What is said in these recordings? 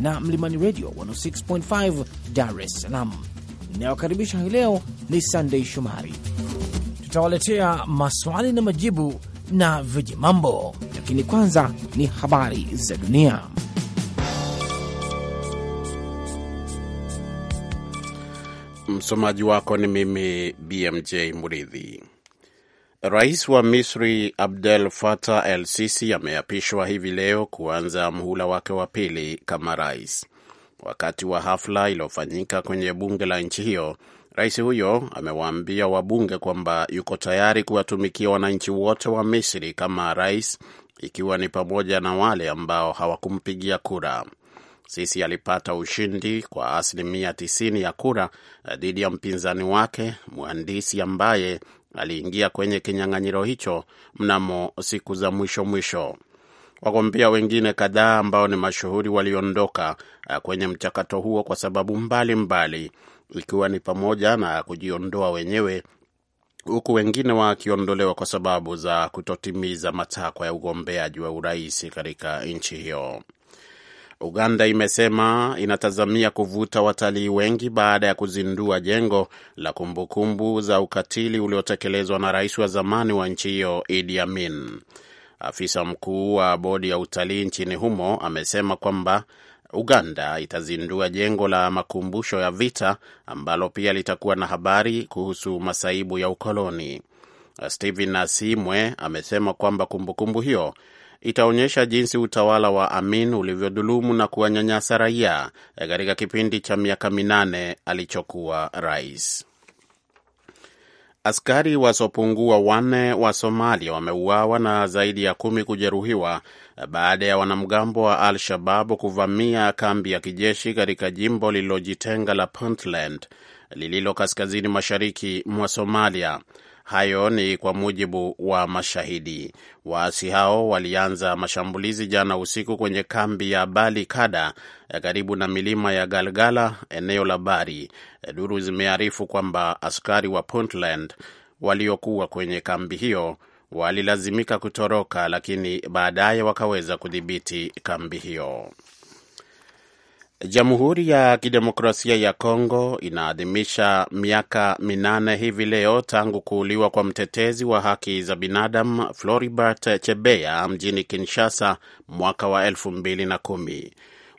na Mlimani Radio 106.5 Dar es Salaam. Inayokaribisha hii leo ni Sandei Shomari. Tutawaletea maswali na majibu na viji mambo, lakini kwanza ni habari za dunia. Msomaji wako ni mimi BMJ Muridhi. Rais wa Misri Abdel Fattah El Sisi ameapishwa hivi leo kuanza mhula wake wa pili kama rais. Wakati wa hafla iliyofanyika kwenye bunge la nchi hiyo, rais huyo amewaambia wabunge kwamba yuko tayari kuwatumikia wananchi wote wa Misri kama rais, ikiwa ni pamoja na wale ambao hawakumpigia kura. Sisi alipata ushindi kwa asilimia 90 ya kura dhidi ya mpinzani wake mhandisi ambaye aliingia kwenye kinyang'anyiro hicho mnamo siku za mwisho mwisho. Wagombea wengine kadhaa ambao ni mashuhuri waliondoka eh, kwenye mchakato huo kwa sababu mbalimbali mbali, ikiwa ni pamoja na kujiondoa wenyewe huku wengine wakiondolewa kwa sababu za kutotimiza matakwa ya ugombeaji wa urais katika nchi hiyo. Uganda imesema inatazamia kuvuta watalii wengi baada ya kuzindua jengo la kumbukumbu za ukatili uliotekelezwa na rais wa zamani wa nchi hiyo Idi Amin. Afisa mkuu wa bodi ya utalii nchini humo amesema kwamba Uganda itazindua jengo la makumbusho ya vita ambalo pia litakuwa na habari kuhusu masaibu ya ukoloni. Stephen Asimwe amesema kwamba kumbukumbu hiyo itaonyesha jinsi utawala wa Amin ulivyodhulumu na kuwanyanyasa raia eh, katika kipindi cha miaka minane alichokuwa rais. Askari wasiopungua wanne wa Somalia wameuawa na zaidi ya kumi kujeruhiwa eh, baada ya wanamgambo wa Al shabab kuvamia kambi ya kijeshi katika jimbo lililojitenga la Puntland lililo kaskazini mashariki mwa Somalia. Hayo ni kwa mujibu wa mashahidi. Waasi hao walianza mashambulizi jana usiku kwenye kambi ya Bali Kada eh, karibu na milima ya Galgala, eneo la Bari. Eh, duru zimearifu kwamba askari wa Puntland waliokuwa kwenye kambi hiyo walilazimika kutoroka, lakini baadaye wakaweza kudhibiti kambi hiyo. Jamhuri ya Kidemokrasia ya Kongo inaadhimisha miaka minane hivi leo tangu kuuliwa kwa mtetezi wa haki za binadamu Floribert Chebeya mjini Kinshasa mwaka wa elfu mbili na kumi.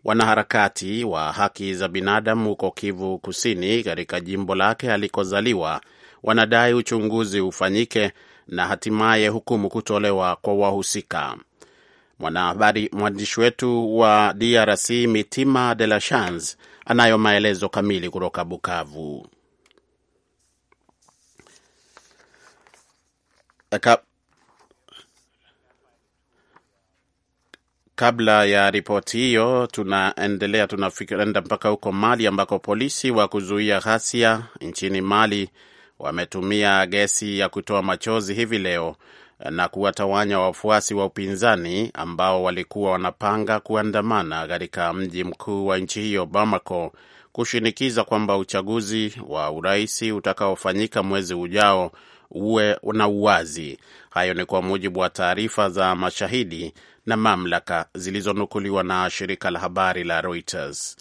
Wanaharakati wa haki za binadamu huko Kivu Kusini, katika jimbo lake alikozaliwa, wanadai uchunguzi ufanyike na hatimaye hukumu kutolewa kwa wahusika. Mwanahabari mwandishi wetu wa DRC Mitima De La Chance anayo maelezo kamili kutoka Bukavu. Eka... Eh, kabla ya ripoti hiyo, tunaendelea tunaenda mpaka huko Mali ambako polisi wa kuzuia ghasia nchini Mali wametumia gesi ya kutoa machozi hivi leo na kuwatawanya wafuasi wa upinzani ambao walikuwa wanapanga kuandamana katika mji mkuu wa nchi hiyo Bamako, kushinikiza kwamba uchaguzi wa urais utakaofanyika mwezi ujao uwe na uwazi. Hayo ni kwa mujibu wa taarifa za mashahidi na mamlaka zilizonukuliwa na shirika la habari la Reuters.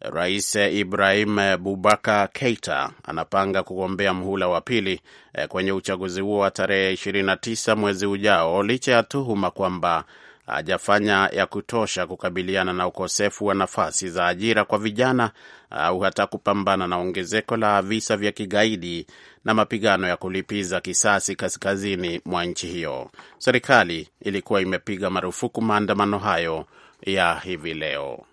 Rais Ibrahim Bubakar Keita anapanga kugombea mhula wa pili eh, kwenye uchaguzi huo wa tarehe 29 mwezi ujao, licha ya tuhuma kwamba hajafanya ya kutosha kukabiliana na ukosefu wa nafasi za ajira kwa vijana eh, au hata kupambana na ongezeko la visa vya kigaidi na mapigano ya kulipiza kisasi kaskazini mwa nchi hiyo. Serikali ilikuwa imepiga marufuku maandamano hayo ya hivi leo.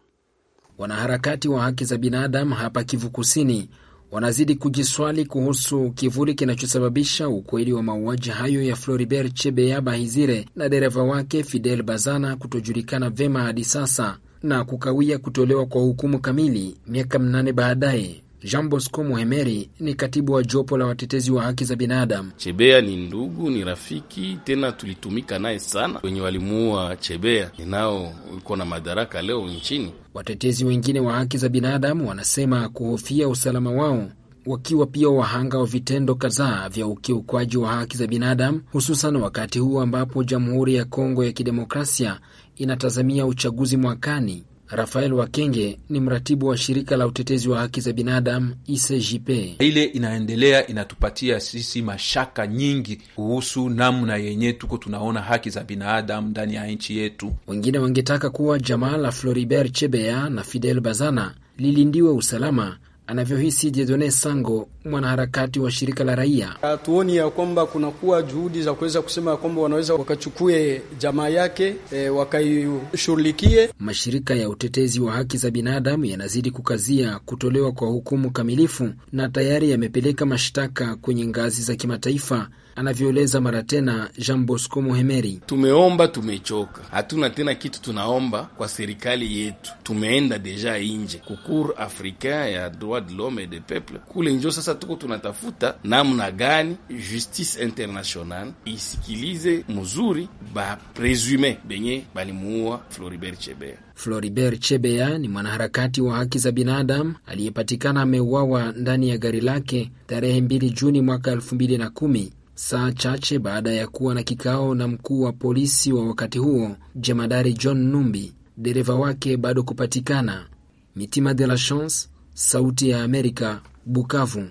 Wanaharakati wa haki za binadamu hapa Kivu Kusini wanazidi kujiswali kuhusu kivuli kinachosababisha ukweli wa mauaji hayo ya Floribert Chebeya Bahizire na dereva wake Fidel Bazana kutojulikana vema hadi sasa na kukawia kutolewa kwa hukumu kamili miaka mnane baadaye. Jean Bosco Muhemeri ni katibu wa jopo la watetezi wa haki za binadamu. Chebea ni ndugu, ni rafiki, tena tulitumika naye sana. Wenye walimuua Chebea ninao uko na madaraka leo nchini. Watetezi wengine wa haki za binadamu wanasema kuhofia usalama wao wakiwa pia wahanga wa vitendo kadhaa vya ukiukwaji wa haki za binadamu, hususan wakati huu ambapo Jamhuri ya Kongo ya Kidemokrasia inatazamia uchaguzi mwakani. Rafael Wakenge ni mratibu wa shirika la utetezi wa haki za binadamu ICJP. Ile inaendelea inatupatia sisi mashaka nyingi kuhusu namna yenye tuko tunaona haki za binadamu ndani ya nchi yetu. Wengine wangetaka kuwa jamaa la Floribert Chebeya na Fidel Bazana lilindiwe usalama anavyohisi Diedone Sango, mwanaharakati wa shirika la raia. Hatuoni ya kwamba kunakuwa juhudi za kuweza kusema ya kwamba wanaweza wakachukue jamaa yake e, wakaishughulikie. Mashirika ya utetezi wa haki za binadamu yanazidi kukazia kutolewa kwa hukumu kamilifu na tayari yamepeleka mashtaka kwenye ngazi za kimataifa anavyoeleza mara tena Jean Bosco Muhemeri. Tumeomba, tumechoka, hatuna tena kitu tunaomba kwa serikali yetu. Tumeenda deja inje kukur africain ya droit de l'homme et de peuple kule njo, sasa tuko tunatafuta namna gani justice internationale isikilize mzuri ba presume benye balimuua Floribert Chebeya. Floribert Chebeya ni mwanaharakati wa haki za binadamu aliyepatikana ameuawa ndani ya gari lake tarehe 2 Juni mwaka 2010 saa chache baada ya kuwa na kikao na mkuu wa polisi wa wakati huo jemadari John Numbi, dereva wake bado kupatikana. Mitima de la Chance, Sauti ya Amerika, Bukavu.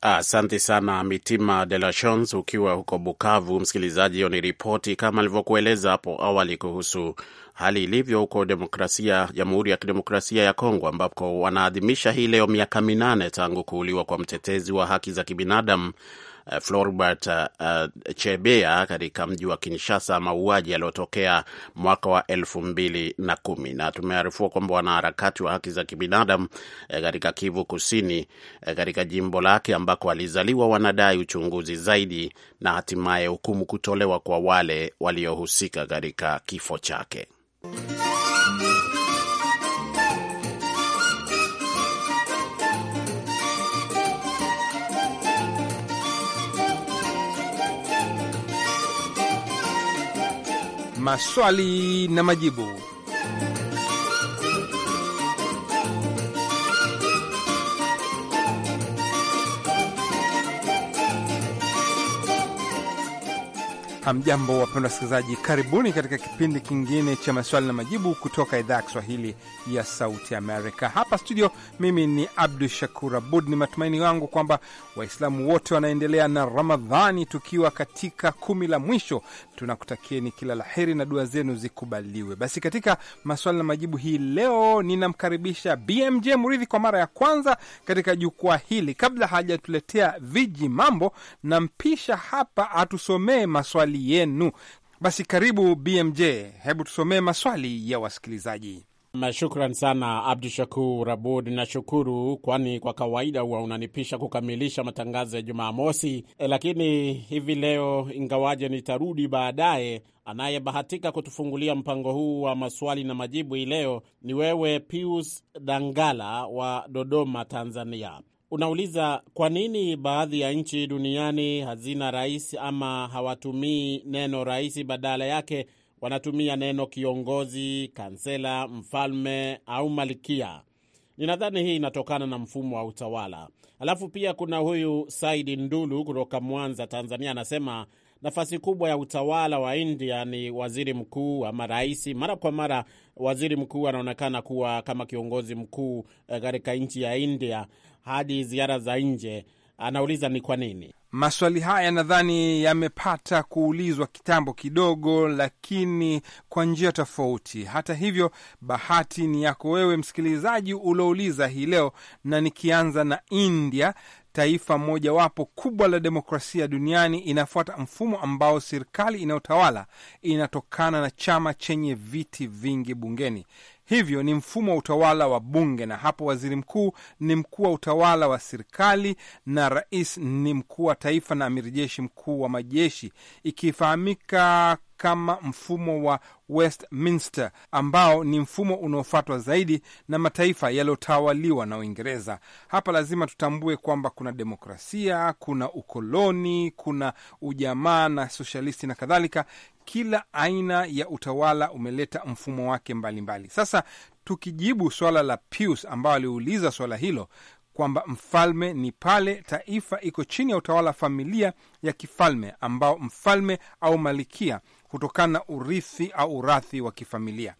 Asante ah, sana Mitima de la Chance ukiwa huko Bukavu. Msikilizaji, hiyo ni ripoti kama alivyokueleza hapo awali kuhusu hali ilivyo huko demokrasia Jamhuri ya Kidemokrasia ya Kongo, ambapo wanaadhimisha hii leo miaka minane tangu kuuliwa kwa mtetezi wa haki za kibinadamu Eh, florbert Floribert uh, Chebea katika mji wa Kinshasa, mauaji yaliyotokea mwaka wa elfu mbili na kumi na tumearifua kwamba wanaharakati wa haki za kibinadamu eh, katika Kivu Kusini eh, katika jimbo lake ambako alizaliwa wanadai uchunguzi zaidi na hatimaye hukumu kutolewa kwa wale waliohusika katika kifo chake. maswali na majibu. Hamjambo, wapendwa wasikilizaji, karibuni katika kipindi kingine cha maswali na majibu kutoka idhaa ya Kiswahili ya Sauti Amerika. Hapa studio, mimi ni Abdu Shakur Abud. Ni matumaini yangu kwamba Waislamu wote wanaendelea na Ramadhani, tukiwa katika kumi la mwisho. Tunakutakieni kila la heri na dua zenu zikubaliwe. Basi katika maswali na majibu hii leo ninamkaribisha BMJ Muridhi kwa mara ya kwanza katika jukwaa hili. Kabla hajatuletea viji mambo, nampisha hapa atusomee maswali maswali yenu. Basi karibu BMJ, hebu tusomee maswali ya wasikilizaji. Shukran sana Abdu Shakur Abud, nashukuru, kwani kwa kawaida huwa unanipisha kukamilisha matangazo ya Jumamosi, eh, lakini hivi leo, ingawaje nitarudi baadaye, anayebahatika kutufungulia mpango huu wa maswali na majibu hii leo ni wewe Pius Dangala wa Dodoma, Tanzania unauliza kwa nini baadhi ya nchi duniani hazina rais ama hawatumii neno rais, badala yake wanatumia neno kiongozi, kansela, mfalme au malkia. Ninadhani hii inatokana na mfumo wa utawala. Alafu pia kuna huyu Saidi Ndulu kutoka Mwanza, Tanzania, anasema nafasi kubwa ya utawala wa India ni waziri mkuu ama rais. Mara kwa mara waziri mkuu anaonekana kuwa kama kiongozi mkuu eh, katika nchi ya India, hadi ziara za nje. Anauliza ni kwa nini maswali haya nadhani yamepata kuulizwa kitambo kidogo, lakini kwa njia tofauti. Hata hivyo, bahati ni yako wewe msikilizaji ulouliza hii leo, na nikianza na India, taifa mojawapo kubwa la demokrasia duniani, inafuata mfumo ambao serikali inayotawala inatokana na chama chenye viti vingi bungeni. Hivyo ni mfumo wa utawala wa bunge, na hapo waziri mkuu ni mkuu wa utawala wa serikali na rais ni mkuu wa taifa na amiri jeshi mkuu wa majeshi, ikifahamika kama mfumo wa Westminster ambao ni mfumo unaofuatwa zaidi na mataifa yaliyotawaliwa na Uingereza. Hapa lazima tutambue kwamba kuna demokrasia, kuna ukoloni, kuna ujamaa na sosialisti na kadhalika. Kila aina ya utawala umeleta mfumo wake mbalimbali mbali. Sasa tukijibu swala la Pius ambayo aliuliza swala hilo kwamba mfalme ni pale taifa iko chini ya utawala wa familia ya kifalme ambao mfalme au malikia kutokana na urithi au urathi wa kifamilia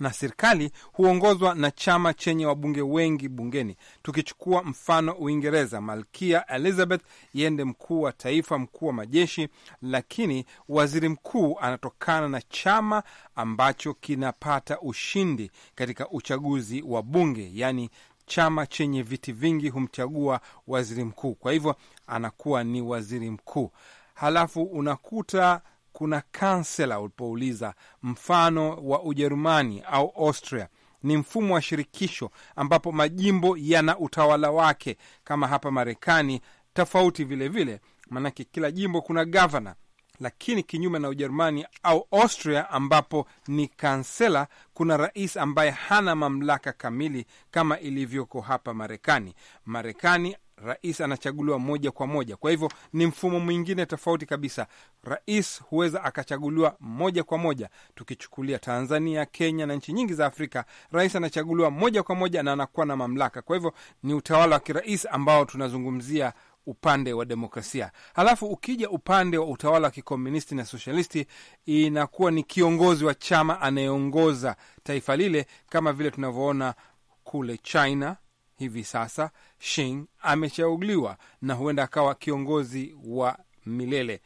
na serikali huongozwa na chama chenye wabunge wengi bungeni. Tukichukua mfano Uingereza, malkia Elizabeth yende mkuu wa taifa, mkuu wa majeshi, lakini waziri mkuu anatokana na chama ambacho kinapata ushindi katika uchaguzi wa bunge, yaani chama chenye viti vingi humchagua waziri mkuu, kwa hivyo anakuwa ni waziri mkuu. Halafu unakuta kuna kansela. Ulipouliza mfano wa Ujerumani au Austria, ni mfumo wa shirikisho ambapo majimbo yana utawala wake, kama hapa Marekani tofauti vilevile, maanake kila jimbo kuna gavana lakini kinyume na Ujerumani au Austria ambapo ni kansela, kuna rais ambaye hana mamlaka kamili kama ilivyoko hapa Marekani. Marekani rais anachaguliwa moja kwa moja. Kwa hivyo ni mfumo mwingine tofauti kabisa. Rais huweza akachaguliwa moja kwa moja. Tukichukulia Tanzania, Kenya na nchi nyingi za Afrika, rais anachaguliwa moja kwa moja na anakuwa na mamlaka. Kwa hivyo ni utawala wa kirais ambao tunazungumzia upande wa demokrasia. Halafu ukija upande wa utawala wa kikomunisti na sosialisti, inakuwa ni kiongozi wa chama anayeongoza taifa lile, kama vile tunavyoona kule China Hivi sasa Shin amechaguliwa na huenda akawa kiongozi wa milele.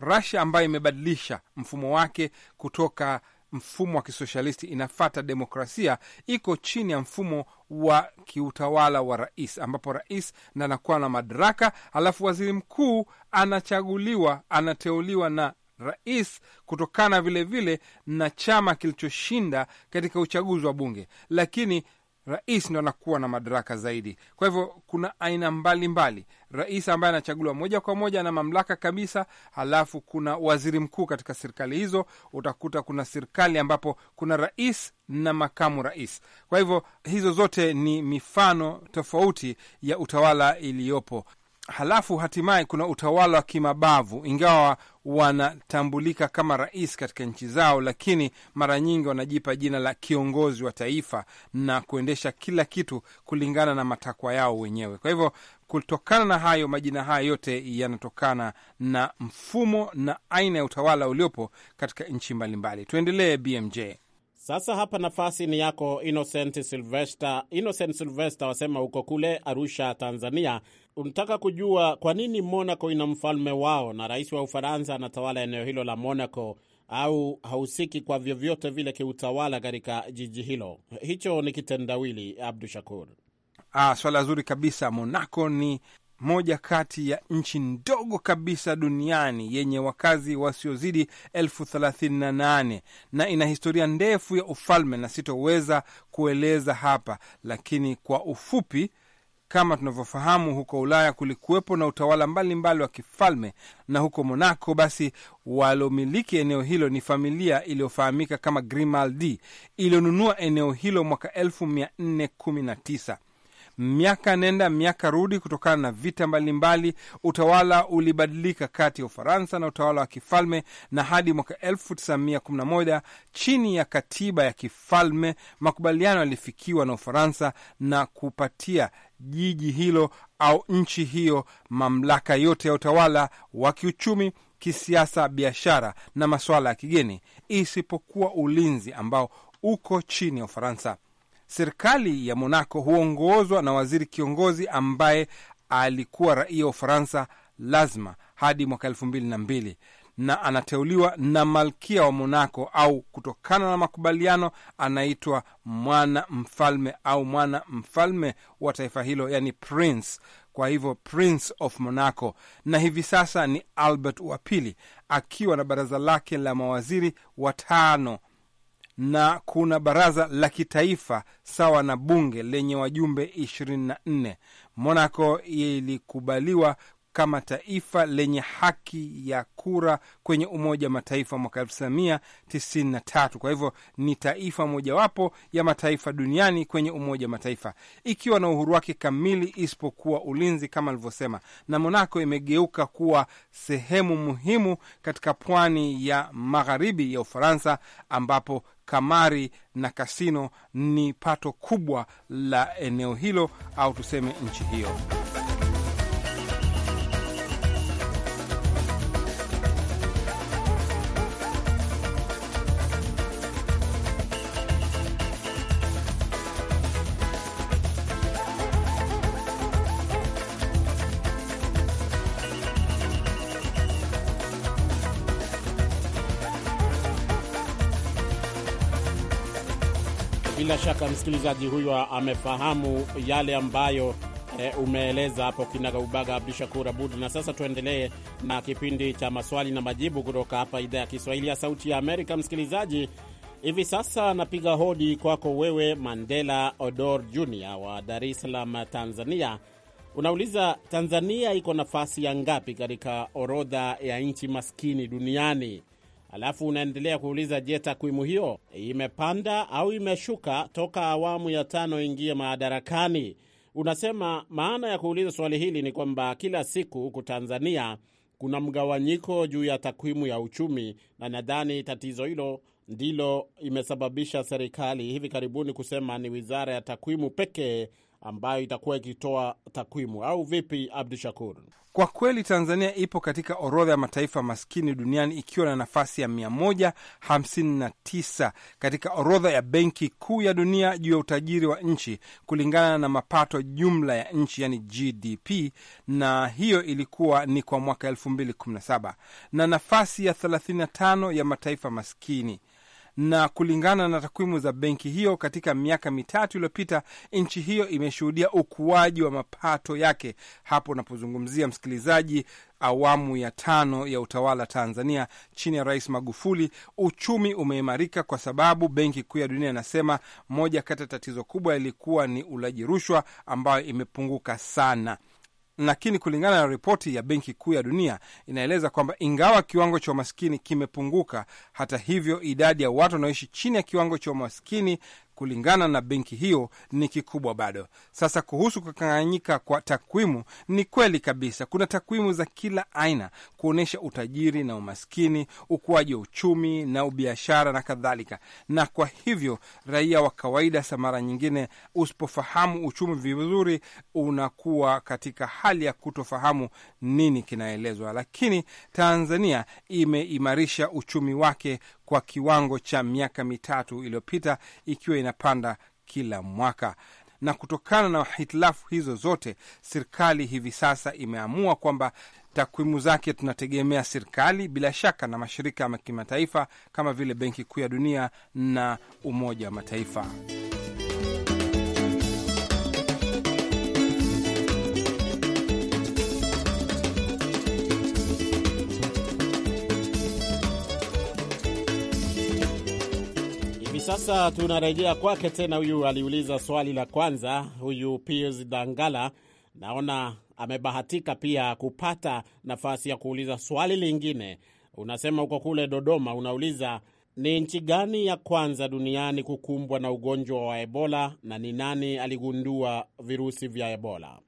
Rasia ambayo imebadilisha mfumo wake kutoka mfumo wa kisoshalisti inafata demokrasia, iko chini ya mfumo wa kiutawala wa rais, ambapo rais nanakuwa anakuwa na madaraka, alafu waziri mkuu anachaguliwa, anateuliwa na rais kutokana vilevile vile na chama kilichoshinda katika uchaguzi wa bunge, lakini rais ndo anakuwa na madaraka zaidi. Kwa hivyo kuna aina mbalimbali mbali. Rais ambaye anachaguliwa moja kwa moja na mamlaka kabisa, halafu kuna waziri mkuu katika serikali hizo. Utakuta kuna serikali ambapo kuna rais na makamu rais. Kwa hivyo hizo zote ni mifano tofauti ya utawala iliyopo. Halafu hatimaye kuna utawala wa kimabavu, ingawa wanatambulika kama rais katika nchi zao, lakini mara nyingi wanajipa jina la kiongozi wa taifa na kuendesha kila kitu kulingana na matakwa yao wenyewe. Kwa hivyo kutokana na hayo, majina haya yote yanatokana na mfumo na aina ya utawala uliopo katika nchi mbalimbali. Tuendelee BMJ. Sasa hapa nafasi ni yako Innocent Silvester. Innocent Silvester wasema huko kule Arusha, Tanzania, unataka kujua kwa nini Monaco ina mfalme wao na rais wa Ufaransa anatawala eneo hilo la Monaco au hahusiki kwa vyovyote vile kiutawala katika jiji hilo. Hicho ni kitendawili, Abdu Shakur. Ah, swala zuri kabisa. Monaco ni moja kati ya nchi ndogo kabisa duniani yenye wakazi wasiozidi elfu thelathini na nane na ina historia ndefu ya ufalme, na sitoweza kueleza hapa, lakini kwa ufupi kama tunavyofahamu huko Ulaya kulikuwepo na utawala mbalimbali mbali wa kifalme, na huko Monaco basi walomiliki eneo hilo ni familia iliyofahamika kama Grimaldi iliyonunua eneo hilo mwaka 1419 miaka nenda miaka rudi, kutokana na vita mbalimbali mbali. Utawala ulibadilika kati ya Ufaransa na utawala wa kifalme, na hadi mwaka 1911 chini ya katiba ya kifalme makubaliano yalifikiwa na Ufaransa na kupatia jiji hilo au nchi hiyo mamlaka yote ya utawala wa kiuchumi kisiasa, biashara na masuala ya kigeni isipokuwa ulinzi ambao uko chini ya Ufaransa. Serikali ya Monaco huongozwa na waziri kiongozi ambaye alikuwa raia wa Ufaransa lazima hadi mwaka elfu mbili na mbili na anateuliwa na malkia wa Monaco au kutokana na makubaliano anaitwa mwana mfalme au mwana mfalme wa taifa hilo, yani prince. Kwa hivyo Prince of Monaco, na hivi sasa ni Albert wa pili akiwa na baraza lake la mawaziri watano na kuna baraza la kitaifa sawa na bunge lenye wajumbe 24. Monaco ilikubaliwa kama taifa lenye haki ya kura kwenye Umoja Mataifa mwaka 1993. Kwa hivyo ni taifa mojawapo ya mataifa duniani kwenye Umoja Mataifa, ikiwa na uhuru wake kamili isipokuwa ulinzi, kama alivyosema. Na Monaco imegeuka kuwa sehemu muhimu katika pwani ya magharibi ya Ufaransa, ambapo kamari na kasino ni pato kubwa la eneo hilo au tuseme nchi hiyo. shaka msikilizaji huyo amefahamu yale ambayo e, umeeleza hapo kinagaubaga, Abdu Shakur Abud. Na sasa tuendelee na kipindi cha maswali na majibu kutoka hapa idhaa ya Kiswahili ya Sauti ya Amerika. Msikilizaji, hivi sasa napiga hodi kwako wewe Mandela Odor Jr wa Dar es Salaam, Tanzania. Unauliza, Tanzania iko nafasi ya ngapi katika orodha ya nchi maskini duniani? Alafu unaendelea kuuliza, je, takwimu hiyo imepanda au imeshuka toka awamu ya tano ingie madarakani? Unasema maana ya kuuliza swali hili ni kwamba kila siku huku Tanzania kuna mgawanyiko juu ya takwimu ya uchumi, na nadhani tatizo hilo ndilo imesababisha serikali hivi karibuni kusema ni wizara ya takwimu pekee ambayo itakuwa ikitoa takwimu au vipi, Abdu Shakur? Kwa kweli Tanzania ipo katika orodha ya mataifa maskini duniani ikiwa na nafasi ya 159 katika orodha ya Benki Kuu ya Dunia juu ya utajiri wa nchi kulingana na mapato jumla ya nchi, yani GDP, na hiyo ilikuwa ni kwa mwaka 2017 na nafasi ya 35 ya mataifa maskini na kulingana na takwimu za benki hiyo, katika miaka mitatu iliyopita nchi hiyo imeshuhudia ukuaji wa mapato yake. Hapo unapozungumzia msikilizaji, awamu ya tano ya utawala Tanzania chini ya Rais Magufuli, uchumi umeimarika kwa sababu Benki Kuu ya Dunia inasema moja kati ya tatizo kubwa ilikuwa ni ulaji rushwa, ambayo imepunguka sana. Lakini kulingana na ripoti ya Benki Kuu ya Dunia inaeleza kwamba ingawa kiwango cha umaskini kimepunguka, hata hivyo idadi ya watu wanaoishi chini ya kiwango cha umaskini kulingana na benki hiyo ni kikubwa bado. Sasa kuhusu kukanganyika kwa takwimu, ni kweli kabisa, kuna takwimu za kila aina kuonyesha utajiri na umaskini, ukuaji wa uchumi na ubiashara na kadhalika, na kwa hivyo raia wa kawaida sa mara nyingine, usipofahamu uchumi vizuri, unakuwa katika hali ya kutofahamu nini kinaelezwa, lakini Tanzania imeimarisha uchumi wake kwa kiwango cha miaka mitatu iliyopita, ikiwa inapanda kila mwaka. Na kutokana na hitilafu hizo zote, serikali hivi sasa imeamua kwamba takwimu zake tunategemea serikali bila shaka na mashirika ya kimataifa kama vile Benki Kuu ya Dunia na Umoja wa Mataifa. sasa tunarejea kwake tena. Huyu aliuliza swali la kwanza, huyu Piers Dangala, naona amebahatika pia kupata nafasi ya kuuliza swali lingine. Unasema uko kule Dodoma, unauliza ni nchi gani ya kwanza duniani kukumbwa na ugonjwa wa Ebola na ni nani aligundua virusi vya Ebola?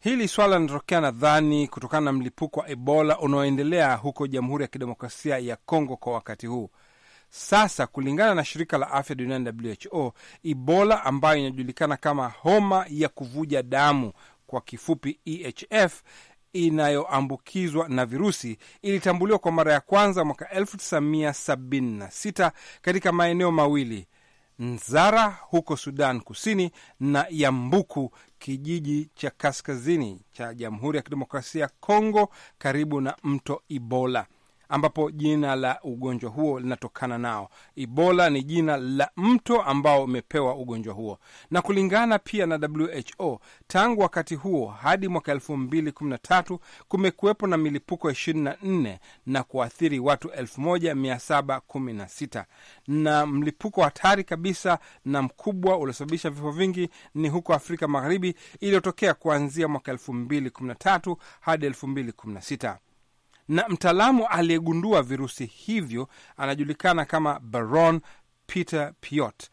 Hili swala linatokea nadhani kutokana na mlipuko wa Ebola unaoendelea huko Jamhuri ya Kidemokrasia ya Kongo kwa wakati huu. Sasa kulingana na shirika la afya duniani WHO, Ebola ambayo inajulikana kama homa ya kuvuja damu kwa kifupi EHF inayoambukizwa na virusi ilitambuliwa kwa mara ya kwanza mwaka 1976 katika maeneo mawili Nzara huko Sudan Kusini na Yambuku, kijiji cha kaskazini cha Jamhuri ya Kidemokrasia ya Kongo, karibu na mto Ibola ambapo jina la ugonjwa huo linatokana nao. Ebola ni jina la mto ambao umepewa ugonjwa huo, na kulingana pia na WHO, tangu wakati huo hadi mwaka tatu kumekuwepo na milipuko 24 na kuathiri watu 1716 na mlipuko wa hatari kabisa na mkubwa uliosababisha vifo vingi ni huko Afrika Magharibi iliyotokea kuanzia mwaka tatu hadi sita na mtaalamu aliyegundua virusi hivyo anajulikana kama Baron Peter Piot.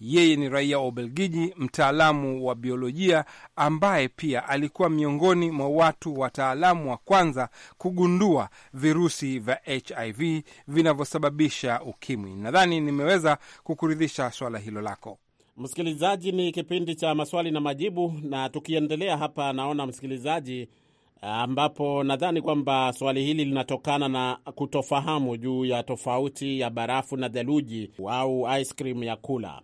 Yeye ni raia wa Ubelgiji, mtaalamu wa biolojia ambaye pia alikuwa miongoni mwa watu wataalamu wa kwanza kugundua virusi vya HIV vinavyosababisha ukimwi. Nadhani nimeweza kukuridhisha swala hilo lako. Msikilizaji, ni kipindi cha maswali na majibu, na tukiendelea hapa, naona msikilizaji ambapo nadhani kwamba swali hili linatokana na kutofahamu juu ya tofauti ya barafu na theluji au ice cream ya kula.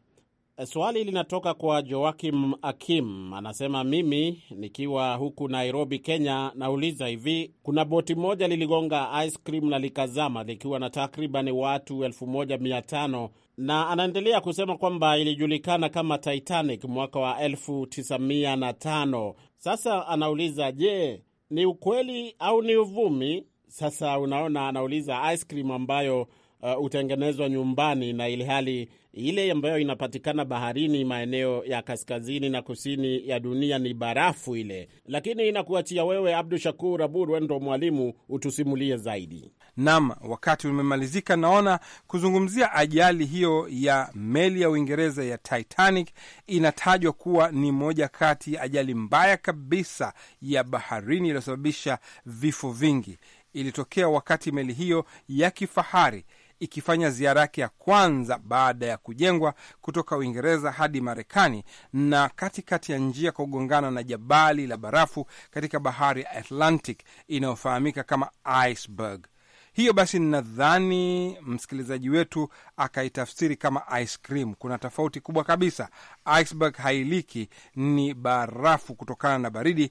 Swali linatoka kwa Joakim Akim, anasema mimi nikiwa huku Nairobi, Kenya, nauliza hivi, kuna boti moja liligonga ice cream na likazama likiwa na takriban watu 15 na anaendelea kusema kwamba ilijulikana kama Titanic mwaka wa 95 Sasa anauliza je, ni ukweli au ni uvumi? Sasa unaona, anauliza ice cream ambayo uh, hutengenezwa uh, nyumbani na ilihali ile ambayo inapatikana baharini maeneo ya kaskazini na kusini ya dunia ni barafu ile, lakini inakuachia wewe Abdu Shakur Abud, wendo mwalimu, utusimulie zaidi. Naam, wakati umemalizika. Naona kuzungumzia ajali hiyo ya meli ya Uingereza ya Titanic inatajwa kuwa ni moja kati ya ajali mbaya kabisa ya baharini iliyosababisha vifo vingi. Ilitokea wakati meli hiyo ya kifahari ikifanya ziara yake ya kwanza baada ya kujengwa kutoka Uingereza hadi Marekani, na katikati ya njia kugongana na jabali la barafu katika bahari ya Atlantic inayofahamika kama iceberg. Hiyo basi, nadhani msikilizaji wetu akaitafsiri kama ice cream. Kuna tofauti kubwa kabisa. Iceberg hailiki, ni barafu kutokana na baridi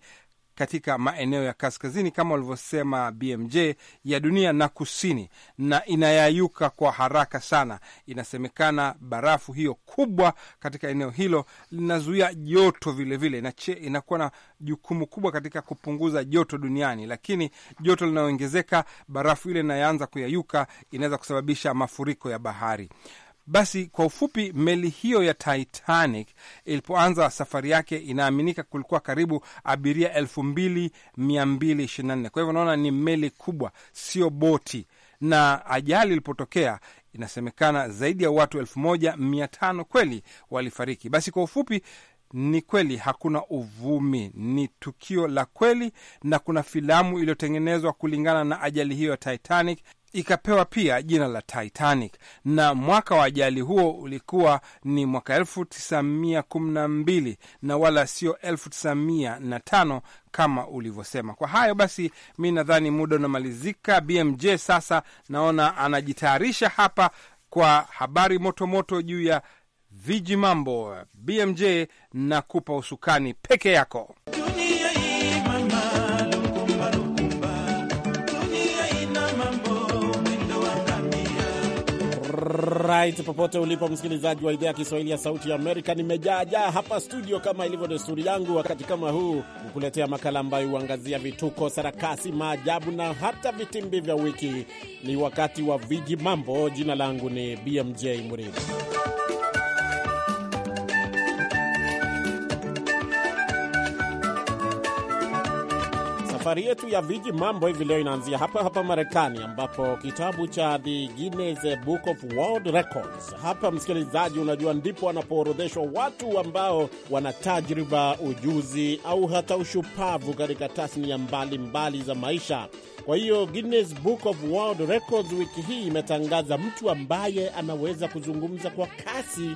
katika maeneo ya kaskazini kama walivyosema BMJ ya dunia na kusini, na inayayuka kwa haraka sana. Inasemekana barafu hiyo kubwa katika eneo hilo linazuia joto vilevile, inakuwa na jukumu kubwa katika kupunguza joto duniani, lakini joto linaongezeka, barafu ile inayoanza kuyayuka inaweza kusababisha mafuriko ya bahari. Basi kwa ufupi, meli hiyo ya Titanic ilipoanza safari yake, inaaminika kulikuwa karibu abiria elfu mbili mia mbili ishirini na nne. Kwa hivyo unaona ni meli kubwa, sio boti. Na ajali ilipotokea inasemekana zaidi ya watu elfu moja mia tano kweli walifariki. Basi kwa ufupi ni kweli hakuna uvumi, ni tukio la kweli, na kuna filamu iliyotengenezwa kulingana na ajali hiyo ya Titanic ikapewa pia jina la Titanic na mwaka wa ajali huo ulikuwa ni mwaka 1912 na wala sio 1905 kama ulivyosema. Kwa hayo basi, mi nadhani muda unamalizika. BMJ sasa naona anajitayarisha hapa kwa habari motomoto juu ya viji mambo. BMJ, nakupa usukani peke yako. Alright, popote ulipo msikilizaji wa idhaa ya Kiswahili ya Sauti ya Amerika, nimejaajaa hapa studio kama ilivyo desturi yangu wakati kama huu kukuletea makala ambayo huangazia vituko, sarakasi, maajabu na hata vitimbi vya wiki. Ni wakati wa viji mambo. Jina langu ni BMJ Muridi. Safari yetu ya viji mambo hivi leo inaanzia hapa hapa Marekani, ambapo kitabu cha The Guinness Book of World Records, hapa msikilizaji, unajua ndipo wanapoorodheshwa watu ambao wana tajriba, ujuzi au hata ushupavu katika tasnia mbalimbali za maisha. Kwa hiyo Guinness Book of World Records wiki hii imetangaza mtu ambaye anaweza kuzungumza kwa kasi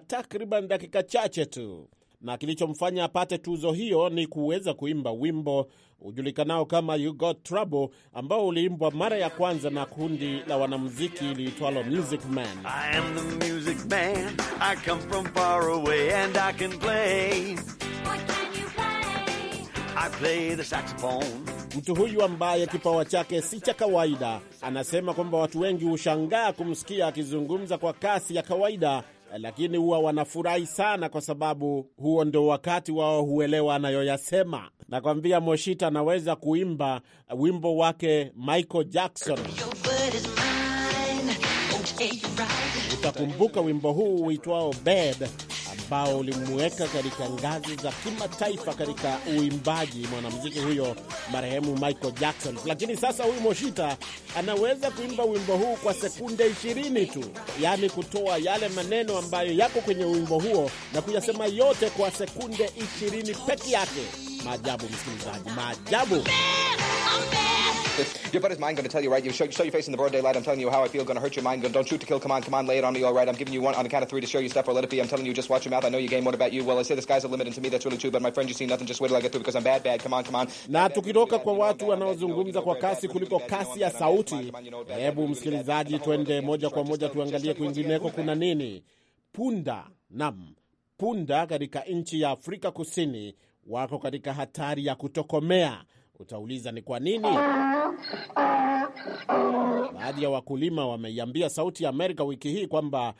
katika takriban dakika chache tu, na kilichomfanya apate tuzo hiyo ni kuweza kuimba wimbo ujulikanao kama You Got Trouble ambao uliimbwa mara ya kwanza na kundi la wanamuziki liitwalo Music Man. I am the music man. I come from far away and I can play. What can you play? I play the saxophone. Mtu huyu ambaye kipawa chake si cha kawaida anasema kwamba watu wengi hushangaa kumsikia akizungumza kwa kasi ya kawaida lakini huwa wanafurahi sana, kwa sababu huo ndo wakati wao huelewa anayoyasema. Nakwambia, Moshita anaweza kuimba wimbo wake Michael Jackson. Oh, Utakumbuka wimbo huu uitwao Bed ambao ulimweka katika ngazi za kimataifa katika uimbaji, mwanamuziki huyo marehemu Michael Jackson. Lakini sasa huyu Moshita anaweza kuimba wimbo huu kwa sekunde ishirini tu, yaani kutoa yale maneno ambayo yako kwenye wimbo huo na kuyasema yote kwa sekunde ishirini peke yake. Maajabu, msikilizaji, maajabu this. Your butter's mine, going tell you right. You show, you show your face in the broad daylight. I'm telling you how I feel. Gonna hurt your mind. Gonna, don't shoot to kill. Come on, come on, lay it on me. All right, I'm giving you one on the count of three to show you stuff or let it be. I'm telling you, just watch your mouth. I know your game. What about you? Well, I say the sky's a limit, and to me that's really true. But my friend, you see nothing. Just wait till I get through because I'm bad, bad. Come on, come on. Na tukitoka kwa watu wanaozungumza kwa kasi kuliko kasi ya sauti, hebu msikilizaji, twende moja kwa moja tuangalie kwingineko kuna nini. Punda nam punda katika nchi ya Afrika Kusini wako katika hatari ya kutokomea Utauliza ni kwa nini? Baadhi ya wakulima wameiambia Sauti ya Amerika wiki hii kwamba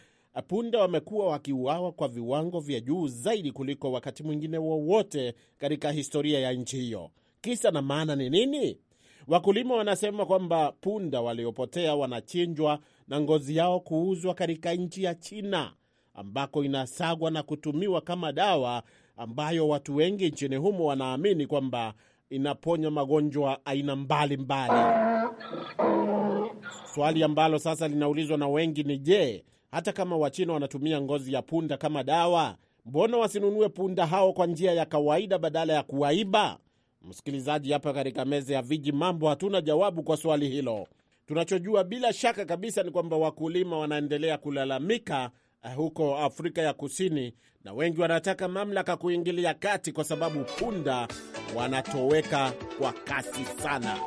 punda wamekuwa wakiuawa kwa viwango vya juu zaidi kuliko wakati mwingine wowote wa katika historia ya nchi hiyo. Kisa na maana ni nini? Wakulima wanasema kwamba punda waliopotea wanachinjwa na ngozi yao kuuzwa katika nchi ya China ambako inasagwa na kutumiwa kama dawa ambayo watu wengi nchini humo wanaamini kwamba inaponya magonjwa aina mbalimbali. Swali ambalo sasa linaulizwa na wengi ni je, hata kama Wachina wanatumia ngozi ya punda kama dawa, mbona wasinunue punda hao kwa njia ya kawaida badala ya kuwaiba? Msikilizaji, hapa katika meza ya viji mambo hatuna jawabu kwa swali hilo. Tunachojua bila shaka kabisa ni kwamba wakulima wanaendelea kulalamika eh, huko Afrika ya Kusini na wengi wanataka mamlaka kuingilia kati kwa sababu punda wanatoweka kwa kasi sana.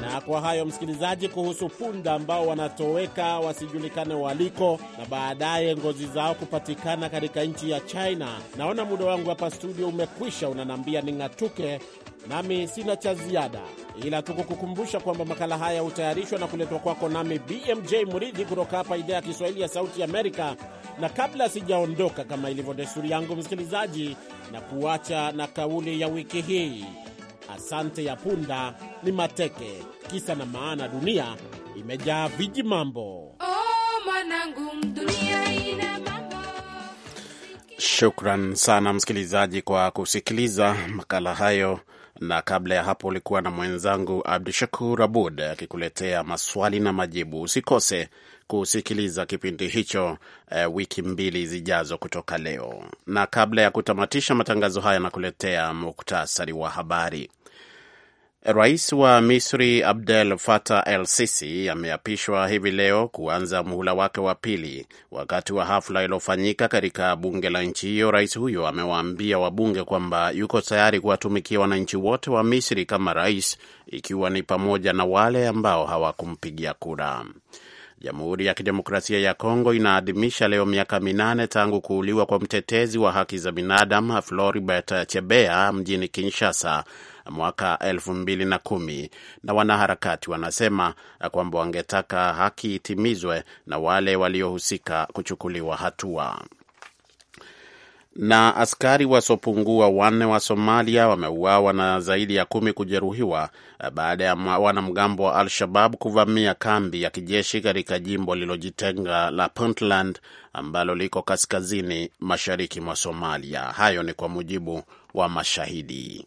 Na kwa hayo msikilizaji, kuhusu punda ambao wanatoweka wasijulikane waliko na baadaye ngozi zao kupatikana katika nchi ya China. Naona muda wangu hapa studio umekwisha, unanaambia ning'atuke. Nami sina cha ziada ila tukukukumbusha kwamba makala haya hutayarishwa na kuletwa kwako nami BMJ Muridhi kutoka hapa idhaa ya Kiswahili ya Sauti Amerika. Na kabla sijaondoka, kama ilivyo desturi yangu, msikilizaji, na kuacha na kauli ya wiki hii, asante ya punda ni mateke. Kisa na maana, dunia imejaa viji mambo. Oh, Shukran sana msikilizaji kwa kusikiliza makala hayo na kabla ya hapo ulikuwa na mwenzangu Abdu Shakur Abud akikuletea maswali na majibu. Usikose kusikiliza kipindi hicho e, wiki mbili zijazo kutoka leo. Na kabla ya kutamatisha matangazo haya, nakuletea muktasari wa habari. Rais wa Misri Abdel Fattah El Sisi ameapishwa hivi leo kuanza muhula wake wa pili. Wakati wa hafla iliyofanyika katika bunge la nchi hiyo, rais huyo amewaambia wabunge kwamba yuko tayari kuwatumikia wananchi wote wa Misri kama rais, ikiwa ni pamoja na wale ambao hawakumpigia kura. Jamhuri ya Kidemokrasia ya Kongo inaadhimisha leo miaka minane tangu kuuliwa kwa mtetezi wa haki za binadamu Floribert chebea mjini Kinshasa mwaka elfu mbili na kumi na wanaharakati wanasema kwamba wangetaka haki itimizwe na wale waliohusika kuchukuliwa hatua. Na askari wasiopungua wanne wa Somalia wameuawa na zaidi ya kumi kujeruhiwa baada ya wanamgambo wa Al-Shabab kuvamia kambi ya kijeshi katika jimbo lililojitenga la Puntland ambalo liko kaskazini mashariki mwa Somalia. Hayo ni kwa mujibu wa mashahidi.